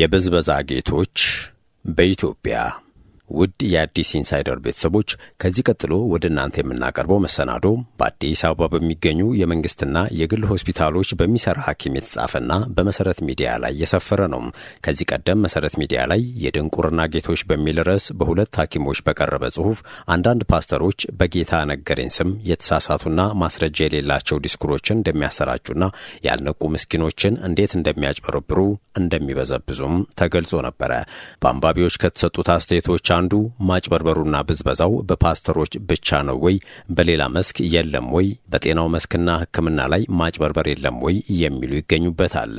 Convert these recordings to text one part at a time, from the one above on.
የብዝበዛ ጌቶች በኢትዮጵያ ውድ የአዲስ ኢንሳይደር ቤተሰቦች ከዚህ ቀጥሎ ወደ እናንተ የምናቀርበው መሰናዶ በአዲስ አበባ በሚገኙ የመንግስትና የግል ሆስፒታሎች በሚሰራ ሐኪም የተጻፈና በመሰረት ሚዲያ ላይ የሰፈረ ነው። ከዚህ ቀደም መሰረት ሚዲያ ላይ የድንቁርና ጌቶች በሚል ርዕስ በሁለት ሐኪሞች በቀረበ ጽሁፍ አንዳንድ ፓስተሮች በጌታ ነገሬን ስም የተሳሳቱና ማስረጃ የሌላቸው ዲስኩሮችን እንደሚያሰራጩና ያልነቁ ምስኪኖችን እንዴት እንደሚያጭበረብሩ እንደሚበዘብዙም ተገልጾ ነበረ። በአንባቢዎች ከተሰጡት አስተያየቶች አንዱ ማጭበርበሩና ብዝበዛው በፓስተሮች ብቻ ነው ወይ? በሌላ መስክ የለም ወይ? በጤናው መስክና ሕክምና ላይ ማጭበርበር የለም ወይ? የሚሉ ይገኙበታል።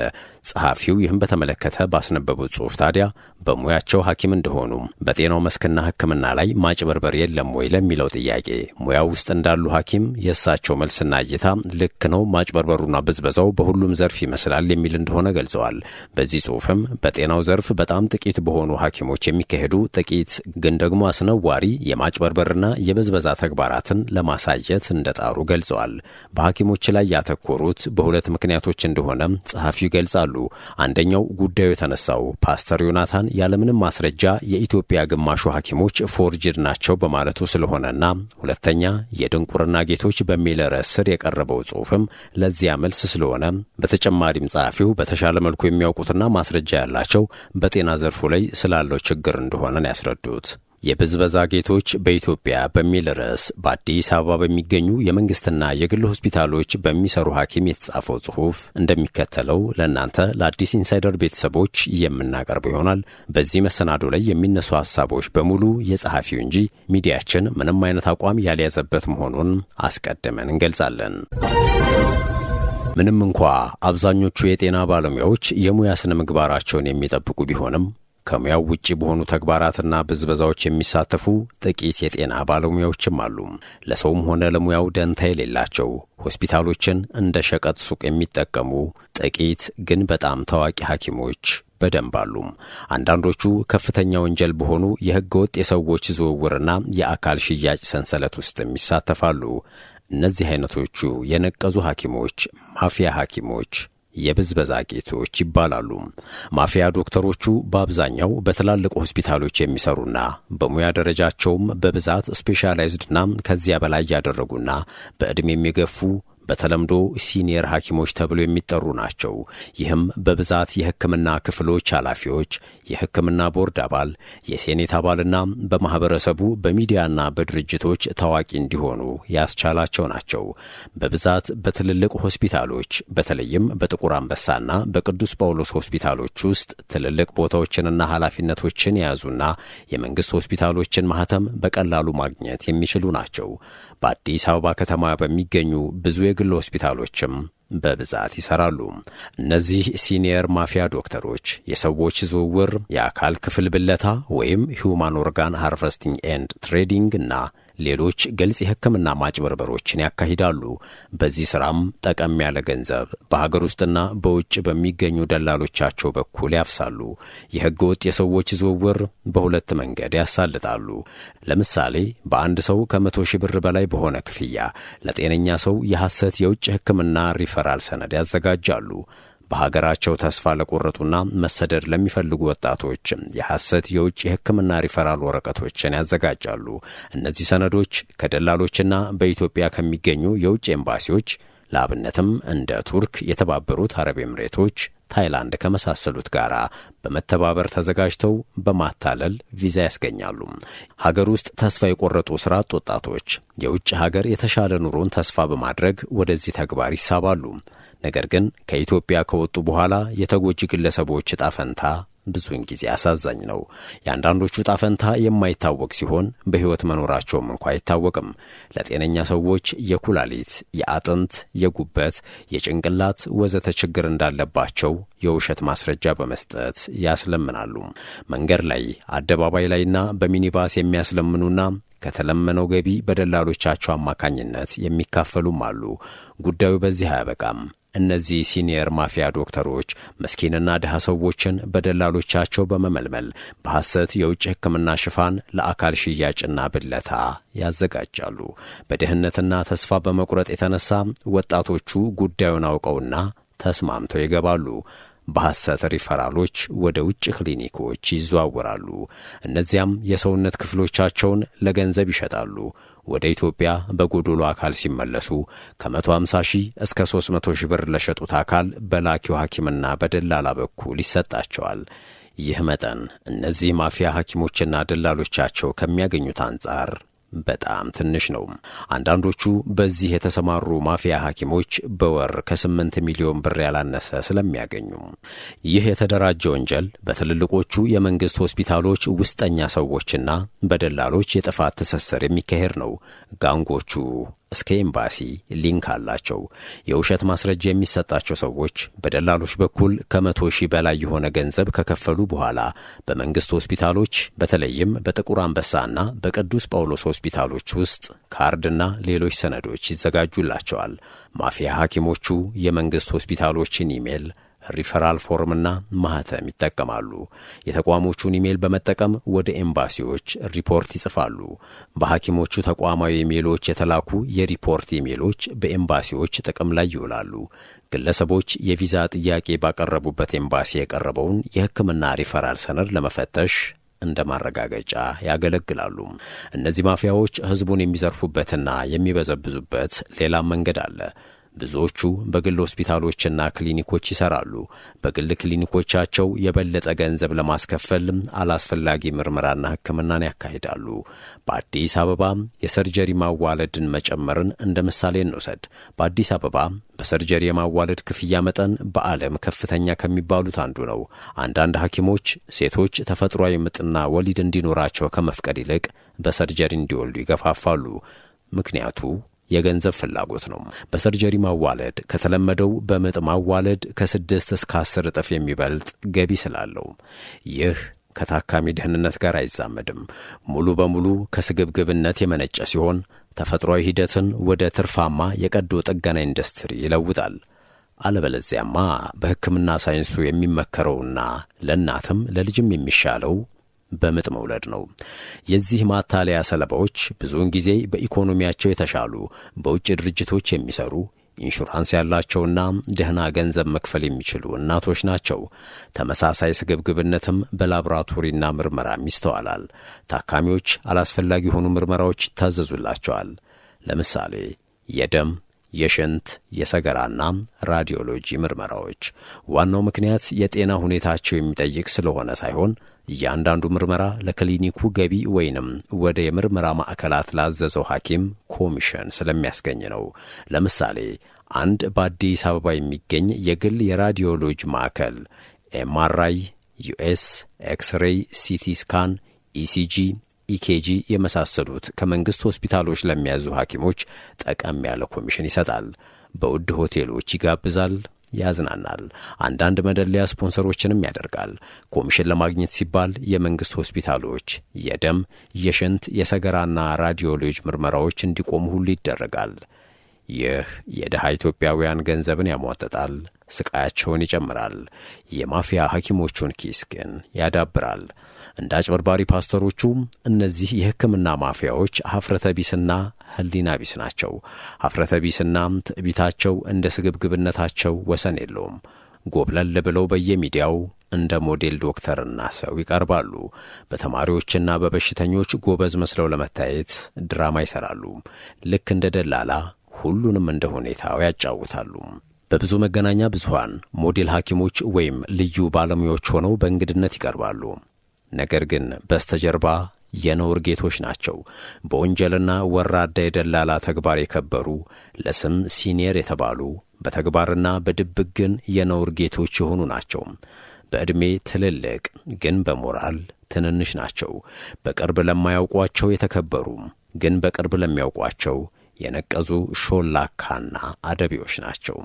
ጸሐፊው ይህም በተመለከተ ባስነበቡት ጽሑፍ ታዲያ በሙያቸው ሐኪም እንደሆኑም በጤናው መስክና ሕክምና ላይ ማጭበርበር የለም ወይ ለሚለው ጥያቄ ሙያው ውስጥ እንዳሉ ሐኪም የእሳቸው መልስና እይታ ልክ ነው፣ ማጭበርበሩና ብዝበዛው በሁሉም ዘርፍ ይመስላል የሚል እንደሆነ ገልጸዋል። በዚህ ጽሑፍም በጤናው ዘርፍ በጣም ጥቂት በሆኑ ሐኪሞች የሚካሄዱ ጥቂት ግን ደግሞ አስነዋሪ የማጭበርበርና የበዝበዛ ተግባራትን ለማሳየት እንደጣሩ ገልጸዋል። በሐኪሞች ላይ ያተኮሩት በሁለት ምክንያቶች እንደሆነ ጸሐፊው ይገልጻሉ። አንደኛው ጉዳዩ የተነሳው ፓስተር ዮናታን ያለምንም ማስረጃ የኢትዮጵያ ግማሹ ሐኪሞች ፎርጅድ ናቸው በማለቱ ስለሆነና ሁለተኛ የድንቁርና ጌቶች በሚል ርዕስ ስር የቀረበው ጽሑፍም ለዚያ መልስ ስለሆነ በተጨማሪም ጸሐፊው በተሻለ መልኩ የሚያውቁትና ማስረጃ ያላቸው በጤና ዘርፉ ላይ ስላለው ችግር እንደሆነ ያስረዱ ያሉት። የብዝበዛ ጌቶች በኢትዮጵያ በሚል ርዕስ በአዲስ አበባ በሚገኙ የመንግስትና የግል ሆስፒታሎች በሚሰሩ ሐኪም የተጻፈው ጽሑፍ እንደሚከተለው ለእናንተ ለአዲስ ኢንሳይደር ቤተሰቦች የምናቀርቡ ይሆናል። በዚህ መሰናዶ ላይ የሚነሱ ሀሳቦች በሙሉ የጸሐፊው እንጂ ሚዲያችን ምንም አይነት አቋም ያልያዘበት መሆኑን አስቀድመን እንገልጻለን። ምንም እንኳ አብዛኞቹ የጤና ባለሙያዎች የሙያ ስነ ምግባራቸውን የሚጠብቁ ቢሆንም ከሙያው ውጭ በሆኑ ተግባራትና ብዝበዛዎች የሚሳተፉ ጥቂት የጤና ባለሙያዎችም አሉ። ለሰውም ሆነ ለሙያው ደንታ የሌላቸው ሆስፒታሎችን እንደ ሸቀጥ ሱቅ የሚጠቀሙ ጥቂት ግን በጣም ታዋቂ ሐኪሞች በደንብ አሉ። አንዳንዶቹ ከፍተኛ ወንጀል በሆኑ የሕገ ወጥ የሰዎች ዝውውርና የአካል ሽያጭ ሰንሰለት ውስጥም ይሳተፋሉ። እነዚህ አይነቶቹ የነቀዙ ሐኪሞች ማፊያ ሐኪሞች የብዝበዛ ጌቶች ይባላሉ። ማፊያ ዶክተሮቹ በአብዛኛው በትላልቅ ሆስፒታሎች የሚሰሩና በሙያ ደረጃቸውም በብዛት ስፔሻላይዝድና ከዚያ በላይ ያደረጉና በዕድሜ የሚገፉ በተለምዶ ሲኒየር ሐኪሞች ተብሎ የሚጠሩ ናቸው። ይህም በብዛት የሕክምና ክፍሎች ኃላፊዎች፣ የሕክምና ቦርድ አባል፣ የሴኔት አባልና በማኅበረሰቡ በሚዲያና በድርጅቶች ታዋቂ እንዲሆኑ ያስቻላቸው ናቸው። በብዛት በትልልቅ ሆስፒታሎች በተለይም በጥቁር አንበሳና በቅዱስ ጳውሎስ ሆስፒታሎች ውስጥ ትልልቅ ቦታዎችንና ኃላፊነቶችን የያዙና የመንግሥት ሆስፒታሎችን ማኅተም በቀላሉ ማግኘት የሚችሉ ናቸው። በአዲስ አበባ ከተማ በሚገኙ ብዙ የግል ሆስፒታሎችም በብዛት ይሰራሉ። እነዚህ ሲኒየር ማፊያ ዶክተሮች የሰዎች ዝውውር፣ የአካል ክፍል ብለታ ወይም ሂውማን ኦርጋን ሃርቨስቲንግ ኤንድ ትሬዲንግ እና ሌሎች ግልጽ የሕክምና ማጭበርበሮችን ያካሂዳሉ። በዚህ ስራም ጠቀም ያለ ገንዘብ በሀገር ውስጥና በውጭ በሚገኙ ደላሎቻቸው በኩል ያፍሳሉ። የህገ ወጥ የሰዎች ዝውውር በሁለት መንገድ ያሳልጣሉ። ለምሳሌ በአንድ ሰው ከመቶ ሺህ ብር በላይ በሆነ ክፍያ ለጤነኛ ሰው የሐሰት የውጭ ሕክምና ሪፈራል ሰነድ ያዘጋጃሉ። በሀገራቸው ተስፋ ለቆረጡና መሰደድ ለሚፈልጉ ወጣቶች የሐሰት የውጭ የሕክምና ሪፈራል ወረቀቶችን ያዘጋጃሉ። እነዚህ ሰነዶች ከደላሎችና በኢትዮጵያ ከሚገኙ የውጭ ኤምባሲዎች ለአብነትም እንደ ቱርክ፣ የተባበሩት አረብ ኤምሬቶች፣ ታይላንድ ከመሳሰሉት ጋር በመተባበር ተዘጋጅተው በማታለል ቪዛ ያስገኛሉ። ሀገር ውስጥ ተስፋ የቆረጡ ስራ አጥ ወጣቶች የውጭ ሀገር የተሻለ ኑሮን ተስፋ በማድረግ ወደዚህ ተግባር ይሳባሉ። ነገር ግን ከኢትዮጵያ ከወጡ በኋላ የተጎጂ ግለሰቦች እጣ ፈንታ ብዙውን ጊዜ አሳዛኝ ነው። የአንዳንዶቹ ጣፈንታ የማይታወቅ ሲሆን በሕይወት መኖራቸውም እንኳ አይታወቅም። ለጤነኛ ሰዎች የኩላሊት፣ የአጥንት፣ የጉበት፣ የጭንቅላት ወዘተ ችግር እንዳለባቸው የውሸት ማስረጃ በመስጠት ያስለምናሉ። መንገድ ላይ፣ አደባባይ ላይና በሚኒባስ የሚያስለምኑና ከተለመነው ገቢ በደላሎቻቸው አማካኝነት የሚካፈሉም አሉ። ጉዳዩ በዚህ አያበቃም። እነዚህ ሲኒየር ማፊያ ዶክተሮች ምስኪንና ድሃ ሰዎችን በደላሎቻቸው በመመልመል በሐሰት የውጭ ሕክምና ሽፋን ለአካል ሽያጭና ብለታ ያዘጋጃሉ። በድህነትና ተስፋ በመቁረጥ የተነሳ ወጣቶቹ ጉዳዩን አውቀውና ተስማምተው ይገባሉ። በሐሰት ሪፈራሎች ወደ ውጭ ክሊኒኮች ይዘዋወራሉ። እነዚያም የሰውነት ክፍሎቻቸውን ለገንዘብ ይሸጣሉ። ወደ ኢትዮጵያ በጎዶሎ አካል ሲመለሱ ከ150 ሺህ እስከ 300 ሺህ ብር ለሸጡት አካል በላኪው ሐኪምና በደላላ በኩል ይሰጣቸዋል። ይህ መጠን እነዚህ ማፊያ ሐኪሞችና ደላሎቻቸው ከሚያገኙት አንጻር በጣም ትንሽ ነው። አንዳንዶቹ በዚህ የተሰማሩ ማፊያ ሐኪሞች በወር ከስምንት ሚሊዮን ብር ያላነሰ ስለሚያገኙ ይህ የተደራጀ ወንጀል በትልልቆቹ የመንግስት ሆስፒታሎች ውስጠኛ ሰዎችና በደላሎች የጥፋት ትስስር የሚካሄድ ነው። ጋንጎቹ እስከ ኤምባሲ ሊንክ አላቸው። የውሸት ማስረጃ የሚሰጣቸው ሰዎች በደላሎች በኩል ከመቶ ሺህ በላይ የሆነ ገንዘብ ከከፈሉ በኋላ በመንግስት ሆስፒታሎች በተለይም በጥቁር አንበሳና በቅዱስ ጳውሎስ ሆስፒታሎች ውስጥ ካርድና ሌሎች ሰነዶች ይዘጋጁላቸዋል። ማፊያ ሐኪሞቹ የመንግስት ሆስፒታሎችን ኢሜል ሪፈራል ፎርምና ማህተም ይጠቀማሉ። የተቋሞቹን ኢሜይል በመጠቀም ወደ ኤምባሲዎች ሪፖርት ይጽፋሉ። በሐኪሞቹ ተቋማዊ ኢሜይሎች የተላኩ የሪፖርት ኢሜይሎች በኤምባሲዎች ጥቅም ላይ ይውላሉ። ግለሰቦች የቪዛ ጥያቄ ባቀረቡበት ኤምባሲ የቀረበውን የሕክምና ሪፈራል ሰነድ ለመፈተሽ እንደ ማረጋገጫ ያገለግላሉ። እነዚህ ማፊያዎች ሕዝቡን የሚዘርፉበትና የሚበዘብዙበት ሌላም መንገድ አለ። ብዙዎቹ በግል ሆስፒታሎችና ክሊኒኮች ይሰራሉ። በግል ክሊኒኮቻቸው የበለጠ ገንዘብ ለማስከፈል አላስፈላጊ ምርመራና ሕክምናን ያካሂዳሉ። በአዲስ አበባ የሰርጀሪ ማዋለድን መጨመርን እንደ ምሳሌ እንውሰድ። በአዲስ አበባ በሰርጀሪ የማዋለድ ክፍያ መጠን በዓለም ከፍተኛ ከሚባሉት አንዱ ነው። አንዳንድ ሐኪሞች ሴቶች ተፈጥሯዊ ምጥና ወሊድ እንዲኖራቸው ከመፍቀድ ይልቅ በሰርጀሪ እንዲወልዱ ይገፋፋሉ። ምክንያቱ የገንዘብ ፍላጎት ነው። በሰርጀሪ ማዋለድ ከተለመደው በምጥ ማዋለድ ከስድስት እስከ አስር እጥፍ የሚበልጥ ገቢ ስላለው ይህ ከታካሚ ደህንነት ጋር አይዛመድም። ሙሉ በሙሉ ከስግብግብነት የመነጨ ሲሆን ተፈጥሯዊ ሂደትን ወደ ትርፋማ የቀዶ ጥገና ኢንዱስትሪ ይለውጣል። አለበለዚያማ በሕክምና ሳይንሱ የሚመከረውና ለእናትም ለልጅም የሚሻለው በምጥ መውለድ ነው። የዚህ ማታለያ ሰለባዎች ብዙውን ጊዜ በኢኮኖሚያቸው የተሻሉ በውጭ ድርጅቶች የሚሰሩ ኢንሹራንስ ያላቸውና ደህና ገንዘብ መክፈል የሚችሉ እናቶች ናቸው። ተመሳሳይ ስግብግብነትም በላቦራቶሪና ምርመራም ይስተዋላል። ታካሚዎች አላስፈላጊ የሆኑ ምርመራዎች ይታዘዙላቸዋል። ለምሳሌ የደም የሽንት የሰገራና ራዲዮሎጂ ምርመራዎች። ዋናው ምክንያት የጤና ሁኔታቸው የሚጠይቅ ስለሆነ ሳይሆን እያንዳንዱ ምርመራ ለክሊኒኩ ገቢ ወይንም ወደ የምርመራ ማዕከላት ላዘዘው ሐኪም ኮሚሽን ስለሚያስገኝ ነው። ለምሳሌ አንድ በአዲስ አበባ የሚገኝ የግል የራዲዮሎጂ ማዕከል ኤምአርአይ፣ ዩኤስ፣ ኤክስሬይ፣ ሲቲ ስካን፣ ኢሲጂ ኢኬጂ የመሳሰሉት ከመንግሥት ሆስፒታሎች ለሚያዙ ሐኪሞች ጠቀም ያለ ኮሚሽን ይሰጣል። በውድ ሆቴሎች ይጋብዛል፣ ያዝናናል። አንዳንድ መደለያ ስፖንሰሮችንም ያደርጋል። ኮሚሽን ለማግኘት ሲባል የመንግሥት ሆስፒታሎች የደም፣ የሽንት፣ የሰገራና ራዲዮሎጂ ምርመራዎች እንዲቆሙ ሁሉ ይደረጋል። ይህ የድሃ ኢትዮጵያውያን ገንዘብን ያሟጠጣል፣ ስቃያቸውን ይጨምራል፣ የማፊያ ሐኪሞቹን ኪስ ግን ያዳብራል። እንደ አጭበርባሪ ፓስተሮቹ እነዚህ የሕክምና ማፊያዎች ሀፍረተቢስና ህሊና ቢስ ናቸው። ሀፍረተቢስና ትዕቢታቸው እንደ ስግብግብነታቸው ወሰን የለውም። ጎብለል ብለው በየሚዲያው እንደ ሞዴል ዶክተርና ሰው ይቀርባሉ። በተማሪዎችና በበሽተኞች ጎበዝ መስለው ለመታየት ድራማ ይሰራሉ። ልክ እንደ ደላላ ሁሉንም እንደ ሁኔታው ያጫውታሉ። በብዙ መገናኛ ብዙሃን ሞዴል ሐኪሞች ወይም ልዩ ባለሙያዎች ሆነው በእንግድነት ይቀርባሉ። ነገር ግን በስተጀርባ የነውር ጌቶች ናቸው። በወንጀልና ወራዳ የደላላ ተግባር የከበሩ ለስም ሲኒየር የተባሉ በተግባርና በድብቅ ግን የነውር ጌቶች የሆኑ ናቸው። በዕድሜ ትልልቅ ግን በሞራል ትንንሽ ናቸው። በቅርብ ለማያውቋቸው የተከበሩ ግን በቅርብ ለሚያውቋቸው የነቀዙ ሾላካና አደቢዎች ናቸው።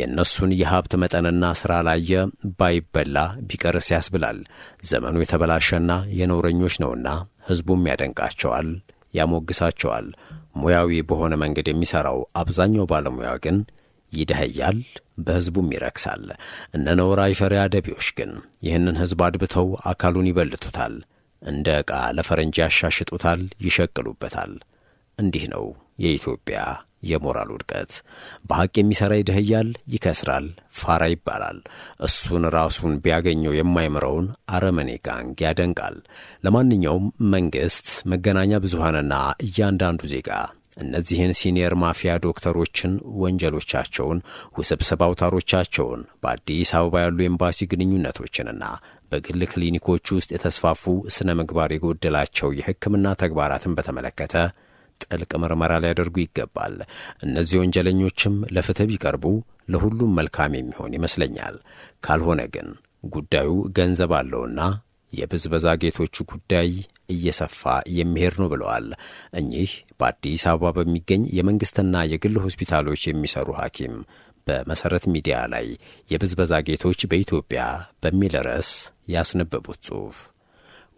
የእነሱን የሀብት መጠንና ሥራ ላየ ባይበላ ቢቀርስ ያስብላል። ዘመኑ የተበላሸና የነውረኞች ነውና ሕዝቡም ያደንቃቸዋል፣ ያሞግሳቸዋል። ሙያዊ በሆነ መንገድ የሚሠራው አብዛኛው ባለሙያ ግን ይደህያል በሕዝቡም ይረክሳል። እነ ነውራ ይፈሪ አደቢዎች ግን ይህንን ሕዝብ አድብተው አካሉን ይበልቱታል፣ እንደ ዕቃ ለፈረንጅ ያሻሽጡታል፣ ይሸቅሉበታል። እንዲህ ነው የኢትዮጵያ የሞራል ውድቀት። በሐቅ የሚሠራ ይደህያል፣ ይከስራል፣ ፋራ ይባላል። እሱን ራሱን ቢያገኘው የማይምረውን አረመኔ ጋንግ ያደንቃል። ለማንኛውም መንግሥት፣ መገናኛ ብዙሃንና እያንዳንዱ ዜጋ እነዚህን ሲኒየር ማፊያ ዶክተሮችን፣ ወንጀሎቻቸውን፣ ውስብስብ አውታሮቻቸውን፣ በአዲስ አበባ ያሉ ኤምባሲ ግንኙነቶችንና በግል ክሊኒኮች ውስጥ የተስፋፉ ስነ ምግባር የጎደላቸው የሕክምና ተግባራትን በተመለከተ ጥልቅ ምርመራ ሊያደርጉ ይገባል። እነዚህ ወንጀለኞችም ለፍትህ ቢቀርቡ ለሁሉም መልካም የሚሆን ይመስለኛል። ካልሆነ ግን ጉዳዩ ገንዘብ አለውና የብዝበዛ ጌቶቹ ጉዳይ እየሰፋ የሚሄድ ነው ብለዋል። እኚህ በአዲስ አበባ በሚገኝ የመንግሥትና የግል ሆስፒታሎች የሚሰሩ ሐኪም በመሰረት ሚዲያ ላይ የብዝበዛ ጌቶች በኢትዮጵያ በሚል ርዕስ ያስነበቡት ጽሑፍ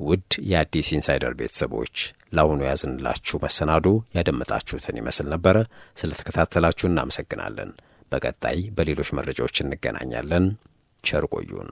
ውድ የአዲስ ኢንሳይደር ቤተሰቦች ለአሁኑ ያዝንላችሁ መሰናዶ ያደመጣችሁትን ይመስል ነበረ። ስለተከታተላችሁ እናመሰግናለን። በቀጣይ በሌሎች መረጃዎች እንገናኛለን። ቸር ቆዩን።